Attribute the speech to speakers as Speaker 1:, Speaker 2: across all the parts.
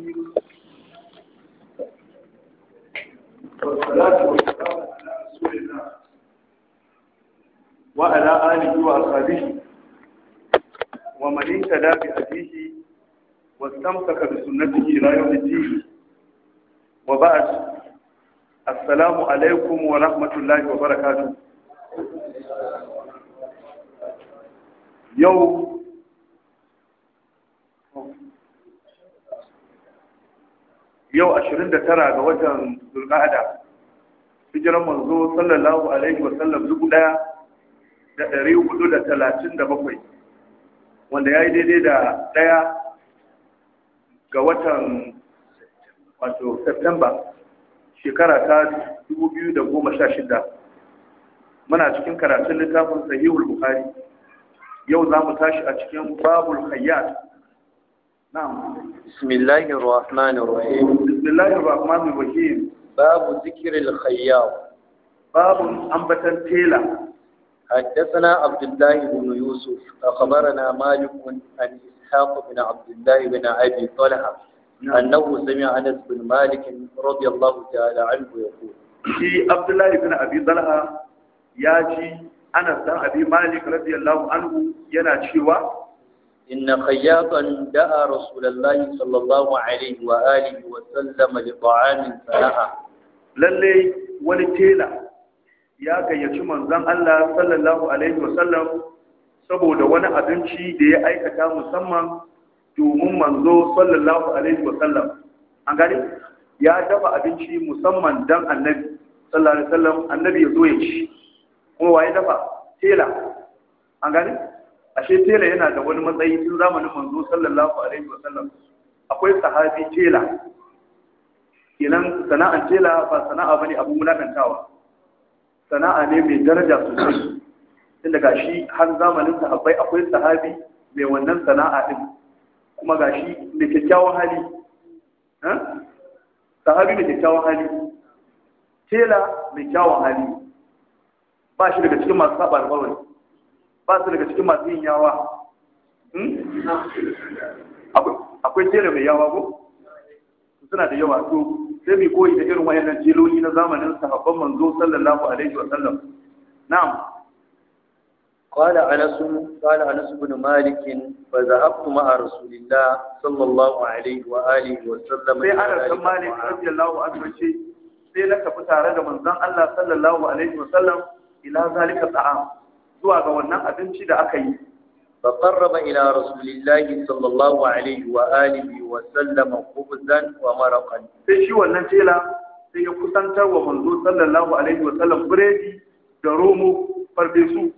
Speaker 1: الرحيم والصلاة والسلام على رسول الله وعلى آله وأصحابه ومن اهتدى بهديه واستمسك بسنته إلى يوم الدين وبعد السلام عليكم ورحمة الله وبركاته يوم yau 29 ga watan zulqa'ada hijiran manzo sallallahu alaihi wa sallam dubu daya da ɗari hudu da talatin da bakwai wanda ya yi daidai da ɗaya ga watan wato septemba shekara ta dubu biyu da goma sha shida muna cikin karatun littafin sahihul bukhari yau za mu tashi a cikin babul hayyat نعم بسم الله الرحمن الرحيم بسم الله الرحمن الرحيم باب ذكر الخياط باب أنبتا تيلا حدثنا عبد الله بن يوسف أخبرنا مالك عن إسحاق بن عبد الله بن أبي طلحة أنه سمع أنس بن مالك رضي الله تعالى عنه يقول في عبد الله بن أبي طلحة ياجي أنس بن أبي مالك رضي الله عنه يناشيوا إن خياطا دعا رسول الله صلى الله عليه وآله وسلم لطعام فنهى للي ولتيلا ya gayyaci manzon Allah sallallahu alaihi wasallam saboda wani abinci da ya aikata musamman domin manzo sallallahu alaihi wasallam an ya dafa abinci musamman dan annabi sallallahu alaihi annabi ya zo ya ci kuma waye dafa tela ashe tela yana da wani matsayi tun zamanin manzo sallallahu alaihi wa sallam akwai sahabi tela kenan sana'a tela ba sana'a bane abun mulakantawa sana'a ne mai daraja sosai tun daga shi har zamanin sahabbai akwai sahabi mai wannan sana'a din kuma gashi da kyakkyawan hali sahabi mai kyakkyawan hali tela mai kyawun hali ba shi daga cikin masu saba alƙawari ba su daga cikin masu yin yawa hmm? akwai jere mai yawa ko suna da yawa to sai mai koyi da irin wayannan jeloli na zamanin sahabban manzo sallallahu alaihi wa sallam na'am قال انس قال انس بن مالك فذهبت مع رسول الله صلى الله عليه واله وسلم sai ana san malik radiyallahu anhu ce sai na tafi tare da manzon Allah sallallahu alaihi wa sallam ila zalika ta'am zuwa ga wannan abinci da aka yi فقرب إلى رسول الله صلى الله عليه وآله وسلم خبزا ومرقا sai shi wannan tela sai ya kusantar wa manzo sallallahu alaihi wa sallam buredi da romo farfesu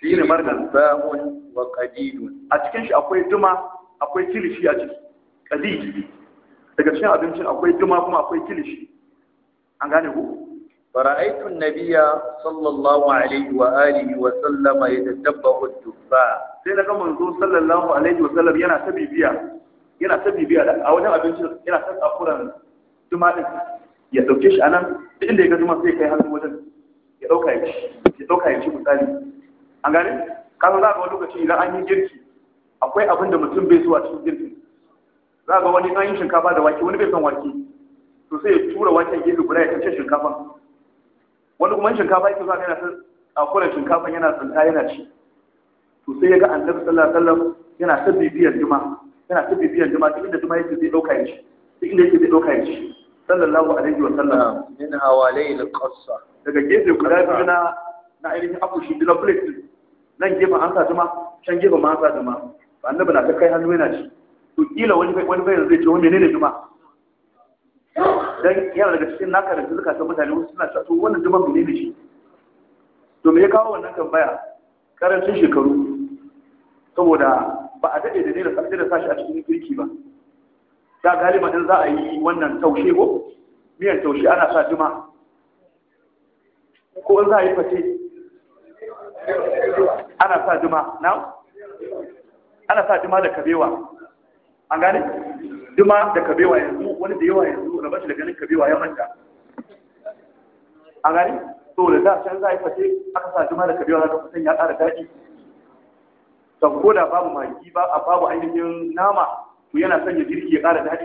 Speaker 1: shi ne margan sa'un wa qadidun a cikin shi akwai duma akwai kilishi a ciki qadid daga cikin abincin akwai kuma akwai kilishi gane ku فرأيت النبي صلى الله عليه وآله وسلم يتتبع الدفاع sai naga manzo sallallahu alaihi wa sallam yana ta bibiya a wajen abinci yana ta tsakuran tuma ya dauke shi anan duk inda ya ga tuma sai kai hannu wajen ya dauka ya ci ya dauka ya ci misali an gane ka za ga wani lokaci idan an yi girki akwai abin mutum bai so a cikin girkin za ga wani an yi shinkafa da wake wani bai son wake to ya tura waken gefe guda ya tace shinkafa wani kuma shinkafa yake zuwa yana a kuren shinkafa yana tsinta yana ci to sai ya ga annabi sallallahu alaihi wasallam yana ta bibiyar juma yana ta bibiyar juma duk inda juma yake zai dauka ya ci duk inda yake zai dauka ya ci sallallahu alaihi wa sallam min hawalai al-qassa daga gefe guda biyu na na ainihin akushi da plate nan gefen an sa juma can gefen ma an sa juma annabi na ta kai hannu yana ci to kila wani wani bai zai ce wani menene juma dan yana daga cikin naka da zuka ta mutane wasu suna cewa to wannan duban mene ne shi to me ya kawo wannan tambaya karancin shekaru saboda ba a daɗe da ne da sa da sashi a cikin kirki ba da galiba din za a yi wannan taushe ko miyan taushe ana sa juma ko in za a yi fate ana sa juma na ana sa juma da kabewa an gane juma da kabewa yanzu wani da yawa yanzu na bashi da ganin kabewa ya manta a gani to da za can za a yi aka sa juma da kabewa za ka ya ƙara daɗi to ko da babu magi ba a babu ainihin nama to yana sanya jirgi ya ƙara daɗi